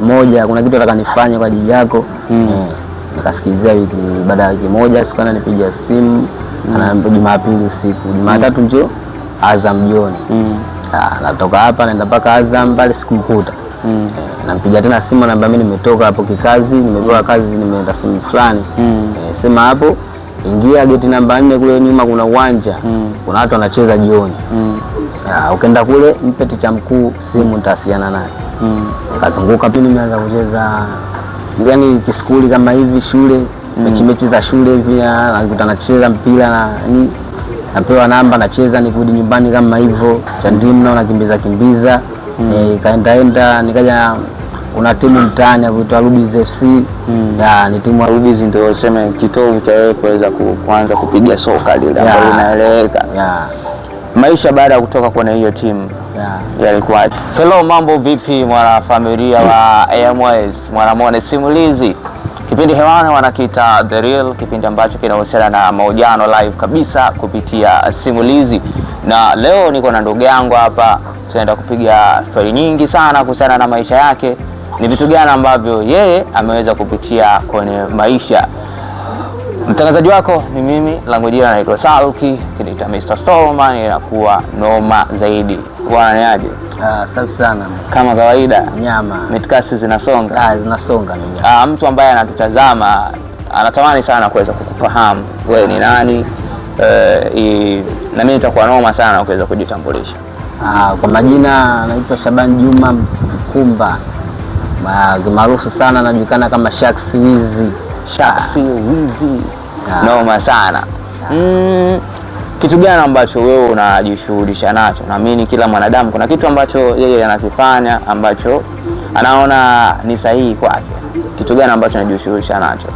moja, kuna kitu nataka nifanye kwa ajili yako mm. E, nikasikilizia wiki. Baada ya wiki moja, siku ananipigia simu mm. Jumapili usiku, Jumatatu njo Azam jioni mm. natoka hapa naenda mpaka Azam pale, sikumkuta mm. E, tena simu, naambia mimi nimetoka hapo kikazi, nimepewa kazi, nimeenda simu fulani mm. E, sema hapo ingia geti namba nne kule nyuma kuna uwanja mm. kuna watu wanacheza jioni mm. Ah, ukenda kule mpe ticha mkuu simu, nitawasiliana naye mm. Kazunguka pili, nimeanza kucheza yani kiskuli kama hivi shule mm. mechi mechi za shule hivi, nakuta nacheza mpira na ni napewa namba nacheza, nikurudi nyumbani kama hivyo chandimna nakimbiza kimbiza mm. E, eh, kaendaenda nikaja kuna timu mtaani ya kuitwa Rubies FC mm. ya ni mm. timu ya ndio sema kitovu cha wewe kuweza kuanza kupiga soka lile ambalo linaeleweka maisha baada ya kutoka kwenye hiyo timu yalikuwaje? Hello, mambo vipi mwanafamilia wa AMS, mwanamone simulizi Kipindi hewani wanakiita The Real, kipindi ambacho kinahusiana na mahojiano live kabisa kupitia simulizi. Na leo niko na ndugu yangu hapa, tunaenda kupiga stori nyingi sana kuhusiana na maisha yake, ni vitu gani ambavyo yeye ameweza kupitia kwenye maisha Mtangazaji wako ni mimi, langu jina naitwa Saluki, kinaitwa Mr. Solomon, inakuwa noma zaidi. Bwana niaje? Ah, safi sana. Kama kawaida nyama. Mitikasi zinasonga. Ah, zinasonga nyama. Ah, mtu ambaye anatutazama anatamani sana kuweza kukufahamu wewe ni nani, e, na mimi nitakuwa noma sana kuweza kujitambulisha. Ah, kwa majina naitwa Shaban Juma Mkumba, maarufu sana anajulikana kama Shax Wizi shaksi, wizi Noma sana Mm, kitu gani ambacho wewe unajishughulisha nacho? Naamini kila mwanadamu kuna kitu ambacho yeye anakifanya ambacho anaona ni sahihi kwake. Kitu gani ambacho najishughulisha nacho?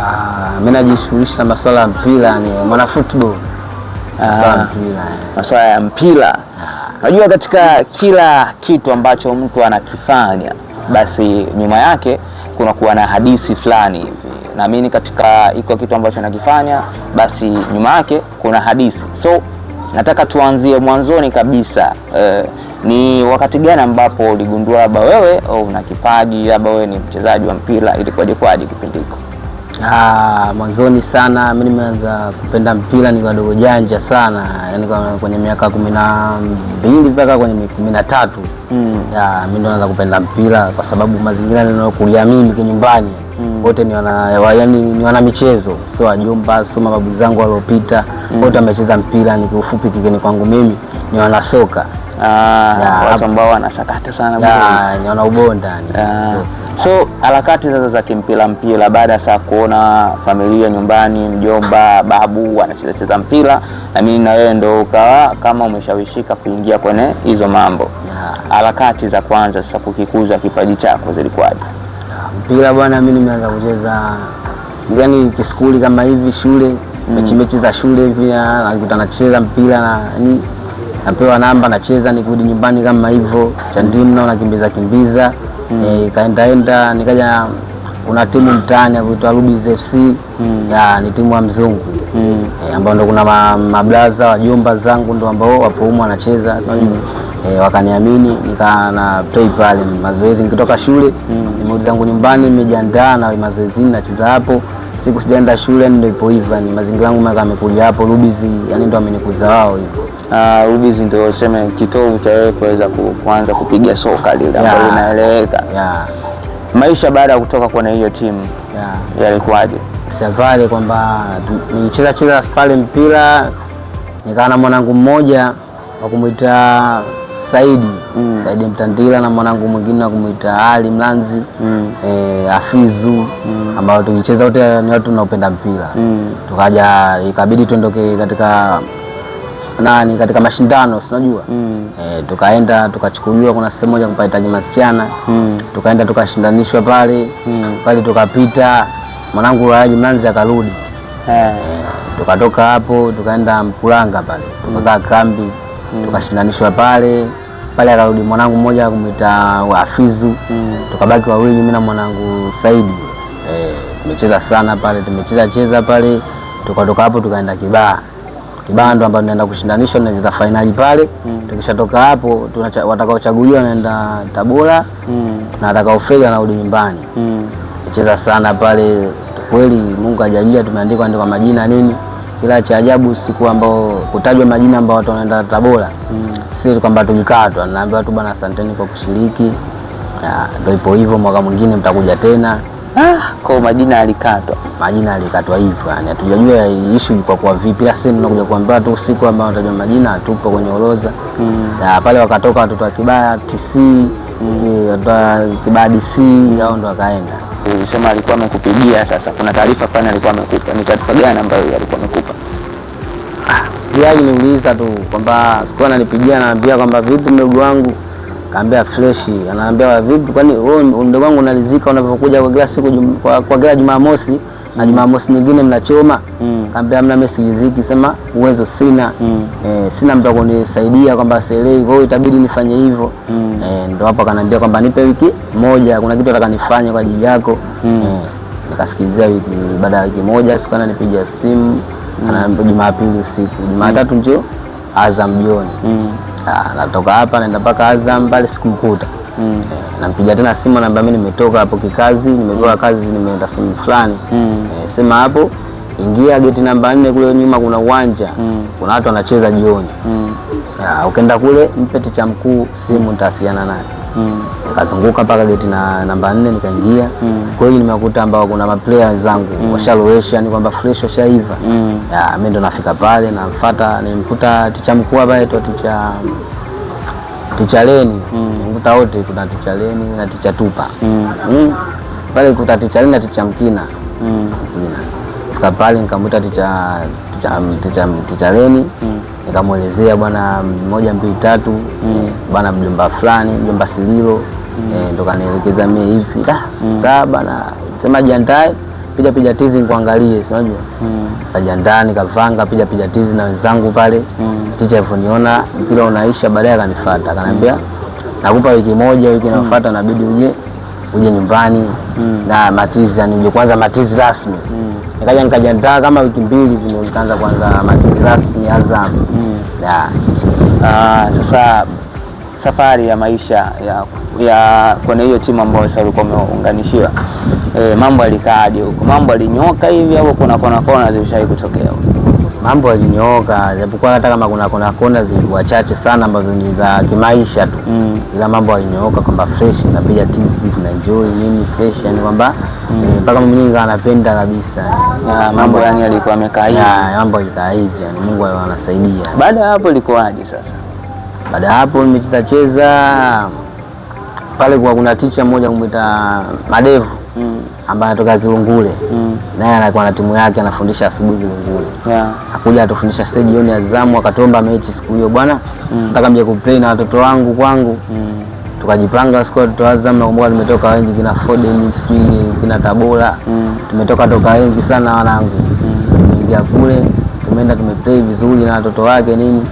Ah, mimi najishughulisha na ya mpira, ni mwana football, masuala ya ah, mpira. Unajua, ah. katika kila kitu ambacho mtu anakifanya basi nyuma yake kuna kuwa na hadithi fulani naamini katika iko kitu ambacho nakifanya, basi nyuma yake kuna hadithi. So nataka tuanzie mwanzoni kabisa eh, ni wakati gani ambapo uligundua labda wewe oh, una kipaji, labda wewe ni mchezaji wa mpira? Ilikuwaje kwaje kipindi hiko? Ah, mwanzoni sana mimi nimeanza kupenda mpira ni wadogo janja sana, yaani kwenye miaka kumi na mbili mpaka kwenye kumi na tatu mm. mimi ndo naanza kupenda mpira kwa sababu mazingira ninayokulia mimi kinyumbani mm. wote ni wana, yaani ni wana michezo, sio wajomba, sio mababu zangu waliopita mm. wote wamecheza mpira, ni kiufupi kigeni kwangu mimi ni wana soka, ah, watu ambao wanasakata sana, ni wana ubonda ah. so, So harakati sasa za kimpira mpira, baada ya saa kuona familia nyumbani, mjomba, babu anachezacheza mpira, na mimi na wewe ndo ukawa kama umeshawishika kuingia kwenye hizo mambo. Harakati za kwanza sasa kukikuza kipaji chako zilikuwaje? Mpira bwana, mimi nimeanza kucheza yani kiskuli kama hivi shule, mm. mechi mechi za shule hivi, alikuta nacheza mpira na ni napewa namba nacheza, nikirudi nyumbani kama hivyo chandimu nao kimbiza, kimbiza mm. nikaja kuna timu mtaani kuitwa Rubis FC mm. ya ni timu ya mzungu mm. e, ambao ndo kuna mablaza ma wajomba zangu ndo ambao wapo humo wanacheza so, mm. e, wakaniamini nikaa na play pale mazoezi nikitoka shule mm. nimerudi zangu nyumbani nimejiandaa na mazoezini nacheza hapo siku sijaenda shule, ndio ipo hivyo, ni mazingira yangu maka amekuja hapo Rubizi, yani ndio amenikuza wao hivyo. Ah, Rubizi ndio useme kitovu cha wewe kuweza kuanza kupiga soka lile ambalo linaeleweka yeah. maisha baada ya kutoka kwenye hiyo timu yeah. yalikuwaje? Safari kwamba nilicheza cheza pale mpira nikawa na mwanangu mmoja wa kumuita Saidi mm. Saidi Mtandila na mwanangu mwingine wa kumuita Ali Mlanzi mm. eh, Afizu mm. ambao tulicheza wote ni watu tunaopenda mpira mm. tukaja ikabidi tuondoke katika nani katika mashindano si unajua mm. eh, tukaenda tukachukuliwa, kuna sehemu moja kupahitaji masichana mm. tukaenda tukashindanishwa pale mm. pale tukapita, mwanangu ali Mlanzi akarudi hey. Eh. eh, tukatoka hapo tukaenda mkulanga pale tukakaa mm. kambi mm. tukashindanishwa pale pale, akarudi mwanangu mmoja kumwita Wafizu mm. tukabaki wawili, mimi na mwanangu Saidi e, eh, tumecheza sana pale, tumecheza cheza pale, tukatoka hapo tukaenda kibaa kibaa ndo ambapo naenda kushindanishwa, naeza fainali pale mm. tukishatoka hapo watakaochaguliwa naenda Tabora mm. na watakaofega narudi nyumbani mm. cheza sana pale kweli, Mungu ajalia, tumeandikwa kwa majina nini ila cha ajabu siku ambao kutajwa majina ambao watu wanaenda Tabora mm. si kwamba tujikaa naambiwa naambia tu bwana, asanteni kwa kushiriki, ndio ipo hivyo, mwaka mwingine mtakuja tena. Ah, kwa majina alikatwa, majina alikatwa hivyo, yani hatujajua issue ilikuwa kwa vipi, lakini sisi tunakuja kuambiwa tu siku ambao watajwa majina, hatupo kwenye orodha mm. pale wakatoka watoto wa Kibaya TC mm. Eh, watoto wa Kibaya DC, hao ndo wakaenda kusema alikuwa amekupigia. Sasa kuna taarifa fulani alikuwa amekupa, ni taarifa gani ambayo alikuwa amekupa? Pia ah, aliniuliza tu kwamba siku ananipigia, anaambia kwamba vipi mdogo wangu, kaambia freshi, anaambia vipi, kwani wewe mdogo wangu unalizika unavyokuja kwa kila siku kwa kila Jumamosi na Jumamosi nyingine mnachoma mm. Kaambia mna mimi sema uwezo sina mm. Eh, sina mtu akunisaidia kwamba sielewi, kwa hiyo itabidi nifanye hivyo mm. Eh, ndo hapo akaniambia kwamba nipe wiki moja, kuna kitu nataka nifanye kwa ajili yako mm. Eh, nikasikilizia wiki. Baada ya wiki moja siku ananipigia simu mm. Jumapili usiku, Jumatatu mm. njoo Azam jioni mm. Ah, natoka hapa naenda mpaka Azam pale sikumkuta mm. E, eh, nampigia tena simu ananiambia mimi nimetoka hapo kikazi, nimepewa mm. kazi, nimeenda sehemu fulani mm. E, sema hapo ingia geti namba nne kule nyuma kuna uwanja mm. kuna watu wanacheza jioni mm. Ya, ukenda kule mpe ticha mkuu simu nitawasiliana naye mm. Nikazunguka mpaka geti na namba nne nikaingia mm. Kweli nimekuta ambao kuna maplayer wenzangu mm. washalowesha, ni kwamba fresh washaiva mm. Mimi ndo nafika pale namfuata, nimkuta ticha mkuu hapa aitwa ticha Tichaleni kuta mm. wote kuna Tichaleni na Ticha Tupa mm. Mm. pale, kuta Tichaleni na Ticha Mkina. Fika pale nikamwita Tichaleni nikamwelezea bwana moja mbili tatu bwana mjomba fulani mjomba Sililo eh, ndo kanielekeza mie hivi. Ah, saa bwana, sema jiandae piga piga tizi nikuangalie, si unajua mm. kaja ndani kavanga piga piga tizi na wenzangu pale mm. ticha alivyoniona mpira unaisha, baadaye akanifuata akaniambia, mm. nakupa wiki moja, wiki mm. inayofuata mm. nabidi uje uje nyumbani mm. na matizi, yani uje kwanza matizi rasmi mm. nikaja ndaa kama wiki mbili, nikaanza kwanza matizi rasmi Azam mm. Ah, sasa safari ya maisha ya, ya kwenye hiyo timu ambayo sasa ulikuwa umeunganishiwa, e, mambo yalikaaje huko? Mambo yalinyoka hivi au kuna kona kona zilishawahi kutokea? Mambo yalinyoka, japokuwa hata kama kuna kona kona zilikuwa chache sana ambazo ni za kimaisha tu mm. ila mambo yalinyoka kwamba fresh tunapiga tizi enjoy nini fresh, yani kwamba mm. E, mpaka mm. mimi anapenda kabisa ya, mambo yani alikuwa amekaa hivi, mambo yalikaa hivi, yani Mungu anasaidia. Baada ya hapo ilikuwaje sasa? Baada ya hapo nimecheza cheza pale, kwa kuna ticha mmoja kumwita Madevu mm. ambaye anatoka Kilungule mm. naye anakuwa na timu yake anafundisha asubuhi Kilungule yeah. Akuja atufundisha sasa jioni Azamu, akatomba mechi siku hiyo bwana mpaka mm. mje kuplay na watoto wangu kwangu mm. tukajipanga siku watoto Azamu, nakumbuka tumetoka wengi kina Foden sijui kina Tabora mm. tumetoka toka wengi sana wanangu mm. ingia kule tumeenda tumeplay vizuri na watoto wake nini,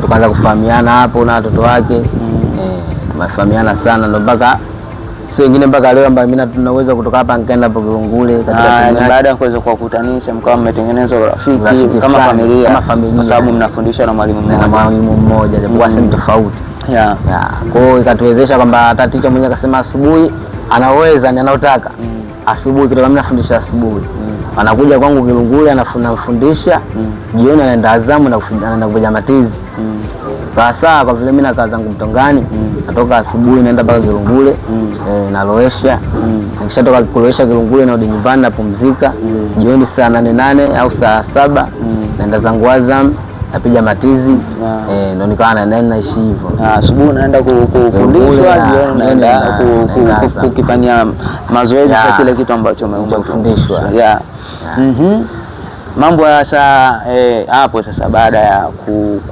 tukaanza kufahamiana hapo na watoto wake mm. eh, tumefahamiana sana ndo mpaka si wengine mpaka leo ambayo mimi tunaweza kutoka hapa nikaenda hapo Kirungule katika ah, baada ya kuweza kuwakutanisha mkawa mmetengenezwa rafiki kama familia, kama familia, sababu mnafundishwa na mwalimu mmoja na mwalimu mmoja japokuwa mm. sehemu tofauti yeah. kwa hiyo ikatuwezesha kwamba hata ticha mwenyewe akasema asubuhi anaweza ni anaotaka mm. asubuhi kitu mimi nafundisha asubuhi mm anakuja kwangu Kilunguli anafundisha mm. jioni, anaenda Azamu anaenda kuja Matizi kasaa. Mm. Kwa vile mimi nakaa zangu Mtongani, mm. natoka asubuhi naenda mpaka Kilungule eh, nalowesha. Nikishatoka kulowesha Kilungule narudi nyumbani, napumzika jioni saa nane nane au saa saba naenda zangu Azamu napiga Matizi ah. eh, ndo nikawa na nani naishi hivyo. Ah, asubuhi naenda kufundishwa, jioni naenda kukifanyia mazoezi kwa kile kitu ambacho umefundishwa mm -hmm. Mambo ya eh, hapo eh, sasa baada ya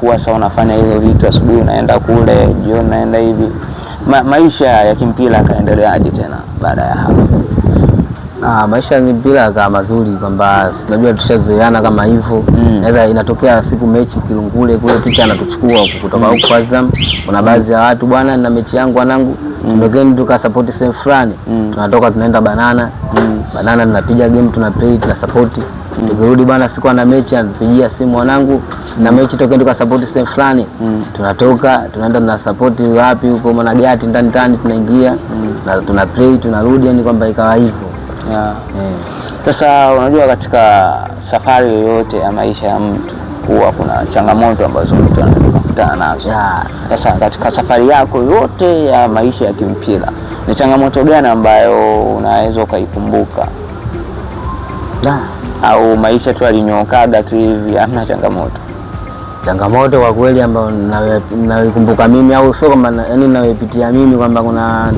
kuwa saa unafanya hizo vitu asubuhi unaenda kule, jioni unaenda hivi Ma, maisha ya kimpira yakaendeleaje tena baada ya hapo? Ah, maisha ya kimpira akawa mazuri kwamba najua tushazoeana kama hivyo mm. Naweza inatokea siku mechi Kilungule kule, ticha anatuchukua kutoka huko mm. Azam, kuna baadhi ya watu bwana, na mechi yangu wanangu mm. tukasapoti sehemu fulani mm. tunatoka tunaenda banana mm. banana tunapiga game tunaplay tunasapoti mm. tukirudi bana, siku na mechi, anapigia simu mwanangu na mechi tokeni, tukasapoti sehemu fulani mm. tunatoka tunaenda tunasapoti wapi huko Mwanagati ndani ndani tunaingia mm. na tunaplay tunarudi, yani kwamba ikawa hivyo yeah. yeah. Sasa unajua katika safari yoyote ya maisha ya mtu huwa kuna changamoto ambazo mtu kukutana nazo. Sasa katika safari yako yote ya maisha ya kimpira ni changamoto gani ambayo unaweza ukaikumbuka? Au maisha tu alinyokaga tu hivi, hamna changamoto? Changamoto kwa kweli ambayo naikumbuka mimi au sio kwamba yani nayopitia mimi kwamba kuna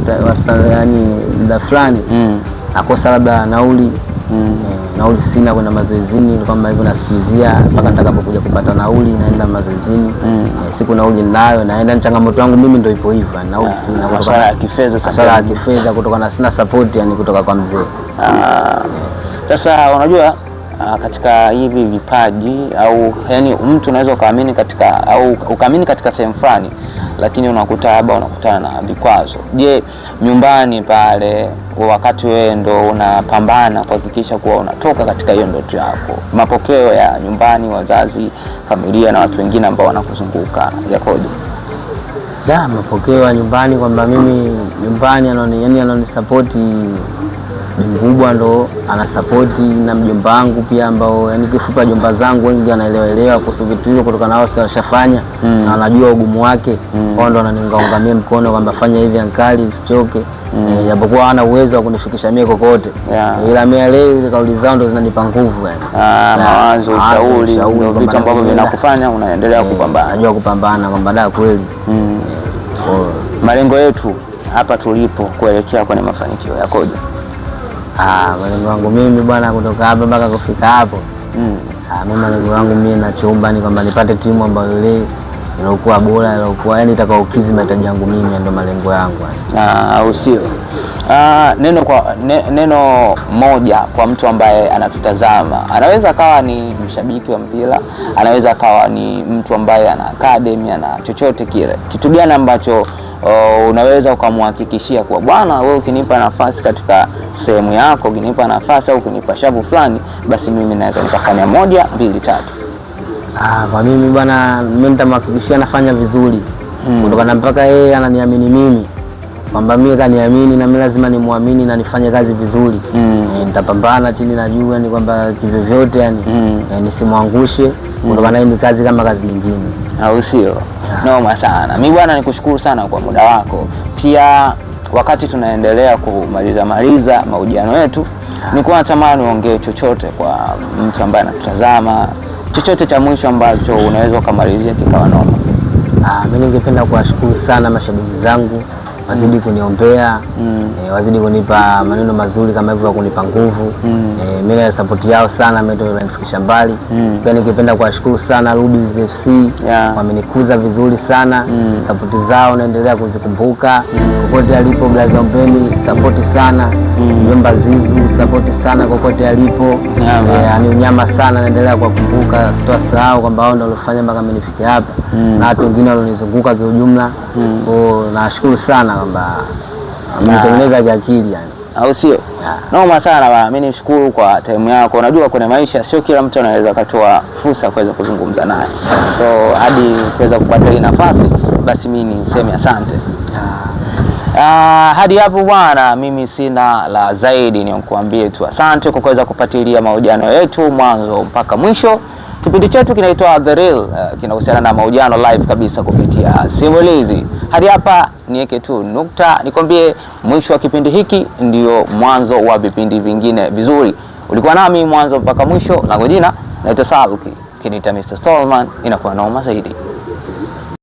yaani da fulani mm. akosa labda nauli mm. Eh nauli sina kwenda mazoezini, kama hivyo nasikizia mpaka nitakapokuja kupata nauli, naenda mazoezini mm. Eh, siku nauli ninayo naenda. Changamoto yangu mimi ndio ipo hivyo, nauli yeah. sina masuala ya kifedha, masuala ya kifedha kutoka na sina support yani kutoka kwa mzee ah, sasa Uh, yeah. unajua ah, katika hivi vipaji au yani mtu unaweza ukaamini katika au ukaamini katika sehemu fulani lakini unakuta labda unakutana na vikwazo. Je, nyumbani pale, wakati wewe ndo unapambana kuhakikisha kuwa unatoka katika hiyo ndoto yako, mapokeo ya nyumbani, wazazi, familia na watu wengine ambao wanakuzunguka yakoje? Da, mapokeo ya nyumbani kwamba mimi nyumbani anani, yani mkubwa ndo ana support na mjomba wangu pia, ambao yani kifupa jomba zangu wengi wanaelewaelewa kuhusu vitu hivyo, kutokana nao washafanya mm. na wanajua ugumu wake mm. wao ndo wananiungaungamia mkono kwamba fanya hivi ankali, usichoke mm. Eh, japokuwa hana uwezo wa kunifikisha mie kokote yeah. ila mie leo kauli zao ndo zinanipa nguvu yani, ah, mawazo, ushauri, vitu ambavyo vinakufanya unaendelea eh, kupambana. Najua kupambana kwamba da kweli mm. Eh, malengo yetu hapa tulipo kuelekea kwenye mafanikio yakoje? malengo ah, yangu mimi bwana, kutoka hapa mpaka kufika hapo mm. Ah, malengo yangu mimi na chumba ni kwamba nipate timu ambayo ile inakuwa bora, inakuwa yani itakayokizi mahitaji yangu mimi, ndio malengo yangu ah, au sio? neno kwa, ne, neno moja kwa mtu ambaye anatutazama, anaweza akawa ni mshabiki wa mpira, anaweza akawa ni mtu ambaye ana akademi ana chochote kile, kitu gani ambacho uh, unaweza ukamhakikishia kuwa bwana, wewe ukinipa nafasi katika sehemu yako, ukinipa nafasi au ukinipa shavu fulani, basi mimi naweza nikafanya moja, mbili, tatu. Ah, kwa mimi bwana, mimi nitamhakikishia nafanya vizuri hmm. kutokana hmm, mpaka yeye ananiamini mimi kwamba mimi kaniamini na mimi lazima nimwamini na nifanye kazi vizuri mm. E, nitapambana chini na juu, yani kwamba kivyovyote yani mm. E, nisimwangushe kutokana mm. ni kazi kama kazi nyingine, au sio? Noma sana. Mimi bwana, nikushukuru sana kwa muda wako. Pia wakati tunaendelea kumaliza maliza mahojiano yetu, nilikuwa natamani uongee chochote kwa mtu ambaye anatutazama, chochote cha mwisho ambacho unaweza ukamalizia kikawa noma. Ah, mimi ningependa kuwashukuru sana mashabiki zangu wazidi mm. kuniombea mm. E, wazidi kunipa maneno mazuri kama hivyo, kunipa nguvu mm. E, mimi na support yao sana imenifikisha mbali mm. Pia nikipenda kuwashukuru sana Ludiz FC yeah. Wamenikuza vizuri sana mm. Sapoti zao naendelea kuzikumbuka mm. kokote alipo Blaza Mpeni, sapoti sana mm. mm. Zizu, sapoti sana kokote alipo yeah, e, eh, ni unyama sana naendelea kuwakumbuka, sahau kwamba wao ndio walifanya mpaka nifike hapa mm. na watu wengine walionizunguka kiujumla mm. Nashukuru sana kwamba mmetengeneza ah, kiakili ah. yani, au sio? Noma sana bwana, mimi nishukuru kwa time yako. Unajua kwenye maisha sio kila mtu anaweza katoa fursa kuweza kuzungumza naye, so hadi kuweza kupata hii nafasi, basi mimi niseme asante. Uh, hadi hapo bwana, mimi sina la zaidi, ni kuambie tu asante kwa kuweza kupatilia mahojiano yetu mwanzo mpaka mwisho. Kipindi chetu kinaitwa The Real uh, kinahusiana na mahojiano live kabisa kupitia simulizi. Hadi hapa niweke tu nukta, nikwambie mwisho wa kipindi hiki ndio mwanzo wa vipindi vingine vizuri. Ulikuwa nami mwanzo mpaka mwisho, langu jina naitwa Saluki, kinita Mr. Solman, inakuwa naoma zaidi.